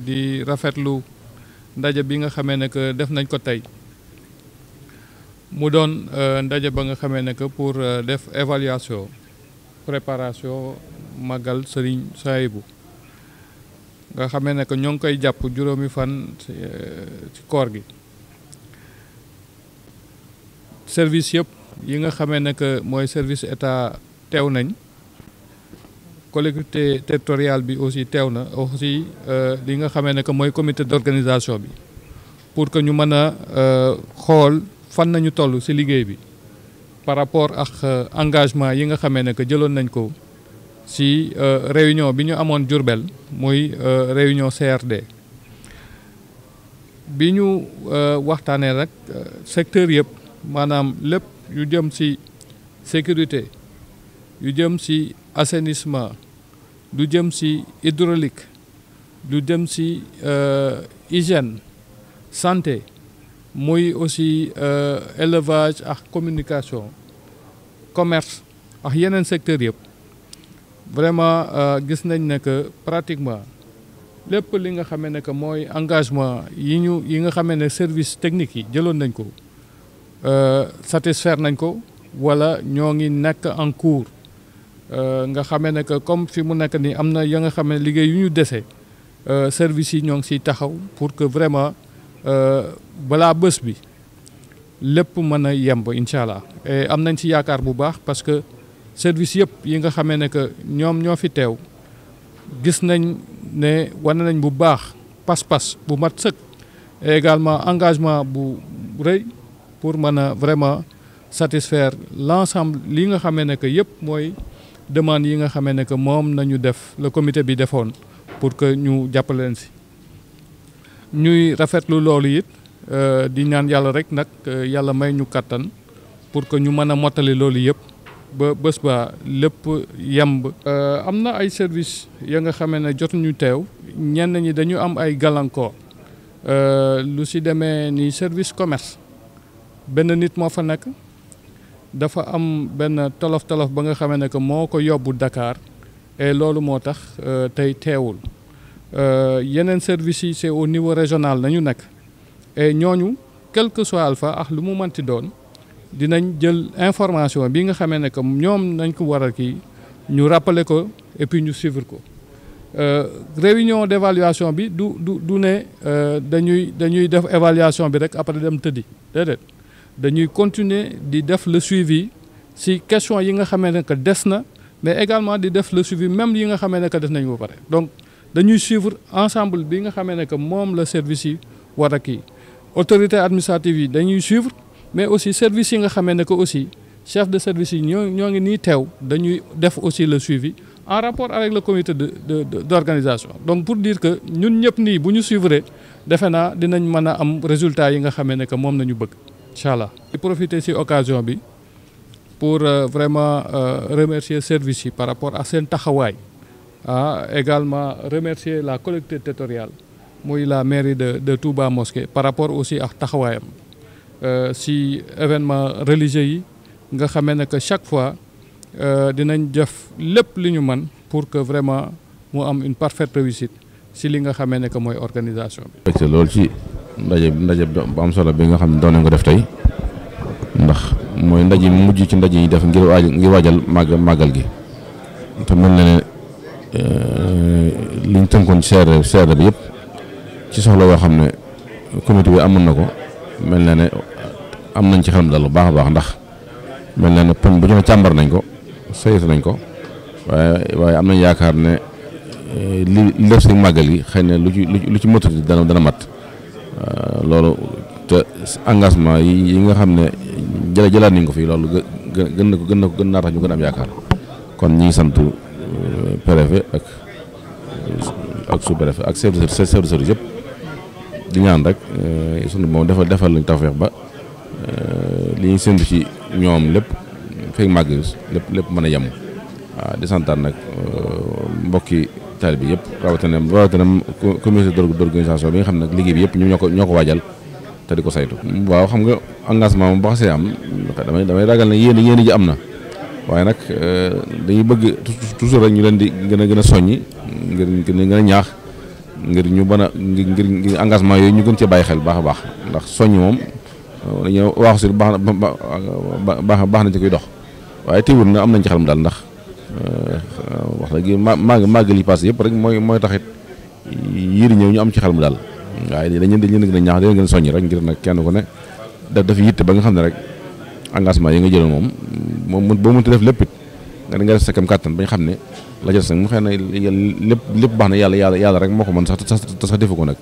di rafetlu ndaje bi nga xamee ne def nañ ko tey mu doon euh, ndaje ba nga xamee ne que pour euh, def évaluation préparation màggal Serigne Sayibu nga xamee ne que ñoo ngi koy jàpp juróomi fan ci euh, koor gi service yëpp yi nga xamee ne mooy service état teew nañ collectivité territoriale bi aussi teew na aussi euh, li nga xamee ne que mooy comité d'organisation bi pour que ñu mën a euh, xool fan nañu toll ci liggéey bi par rapport ak euh, engagement yi nga xamee ne que jëloon nañ ko ci réunion bi ñu amoon Diourbel muy réunion CRD bi ñu waxtaanee rek secteur yëpp maanaam lépp yu jëm ci sécurité yu jëm ci assainissement lu jëm si hydraulique lu jëm si euh, hygiène santé muy aussi euh, élevage ak communication commerce ak yeneen secteurs yëpp vraiment euh, gis nañ ne que pratiquement lépp li nga xame ne que mooy engagement yi ñu yi nga xame ne service technique yi jëloon nañ ko satisfaire nañ ko wala ñoo ngi nekk en cours Euh, nga xamee ne que comme fi mu nekk nii am na ya nga xam ne liggéey yu ñu dese euh, services yi ñoo ngi siy taxaw pour que vraiment euh, balaa bës bi lépp mën a yemb incha allah e am nañ si yaakaar bu baax parce que service yëpp yi nga xamee ne que ñoom ñoo fi teew gis nañ ne wane nañ bu baax pas-pas bu mat sëkk et également engagement bu rëy pour mën a vraiment satisfaire l'ensemble lii nga xamee ne que yëpp mooy. demande yi nga xamee ne que moom nañu def le comité bi defoon pour que ñu jàppale si ñuy rafetlu loolu it euh, di ñaan yàlla rek nag euh, yàlla may ñu kàttan pour que ñu mën a mottali loolu yëpp ba bës ba lépp yemb. Euh, am na ay service ya nga xame ne jotuñu teew ñenn ñi dañu am ay gàllankoor lu si demee ni service commerce benn nit moo fa nekk. dafa am benn tolof-tolof ba nga xamee ne que moo ko yóbbu dakaar loolu moo tax euh, tey teewul euh, yeneen service yi c'est au niveau régional nañu nekk et ñooñu quelque que soit alpha ak lu mu mënti doon dinañ jël information bi nga xamee ne que ñoom nañ ko war a kii ñu rappeler ko et ñu suivre ko euh, réunion d'évaluation bi du du du ne dañuy dañuy def évaluation bi rek après dem tëddi dañuy continuer di def le suivi si question yi nga xamee ne que des na mais également di def le suivi même yi nga xamee ne que des nañu ba pare donc dañuy suivre ensemble bi nga xamee ne que moom la service yi war a kii autorité administrative yi dañuy suivre mais aussi service yi nga xamee ne que aussi chef de service yi ñoo ñoo ngi nii teew dañuy def aussi le suivi en rapport avec le comité de de d' organisation donc pour dire que ñun ñëpp nii bu ñu suivre defe naa dinañ mën a am résultat yi nga xamee ne que moom nañu bëgg incha allah di profiter ci occasion bi pour euh, vraiment euh, remercier service yi par rapport ak seen taxawaay ah également remercier la collectivité territoriale muy la mairie de de Touba Mosquée par rapport aussi ak taxawaayam euh, si événement religieux yi nga xame ne que chaque fois dinañ jëf lépp li ñu mën pour que vraiment mu am une parfaite réussite ci li nga xamee ne que mooy organisation bi. loolu ci ndaje ndaje bu am solo bi nga xam ne doon nañ ko def tey ndax mooy ndaje mu mujj ci ndaje yi def ngir waaj ngir waajal màggal màggal gi te mel na ne eh, liñ tënkoon seere seere bi yëpp ci soxla yoo xam ne comité bi amoon na ko mel na ne am nañ ci xel dal bu baax a baax ndax mel na ne poñ bu ñu càmbar nañ ko saytu nañ ko waaye waaye am nañ yaakaar ne eh, li li si màggal gi xëy na lu ci lu ci motati dana dana mat. Euh, loolu te engagement yi yi nga xam ne jëla jëlaat nañ ko fii loolu gën na ko gën na ko gën naa tax ñu gën am yaakaar kon ñi ngi sant euh, préfet ak euh, ak sous ak chef de chef de yëpp di ñaan rek sunu moom defal defal lañ tawfeex ba li ñu séntu ci ñoom lépp fekk màgg lépp lépp mën a yem waaw di santaan nag mbokki taalibe bi yëpp rawatina rawatina comité d'organisation bi nga xam nag liggéey bi yëpp ñu ñoo ko ñoo ko waajal te di ko saytu. waaw xam nga engagement moom ba xasee am damay damay ragal ne yéen yéen ji am na waaye nag euh, dañu bëgg toujours rek ñu leen di gën a gën a soññi ngir gën a ñaax ngir ñu mën a ngir ngir engagement yooyu ñu gën cee bàyyi xel baax a baax ndax soññi moom dañoo waaxu si baax na baax na ci kuy dox waaye teewul na am nañ ci xel mu daal ndax. Euh, wax dëgg màgg màggal yi passé yëpp rek mooy mooy taxit yéen ñëw ñu am ci xel mu daal waaye dañ leen dañ leen gën a ñaax dañ leen soññ rek ngir nag kenn ku ne daf dafa yitte ba nga xam ne rek engagement yi nga jëloon moom moom boo mënti def lépp it nga def sa kam kàttan ba ñu xam ne la jot sax mu xëy na lépp lépp baax na yàlla yàlla yàlla rek moo ko mën sax te sax defu ko nag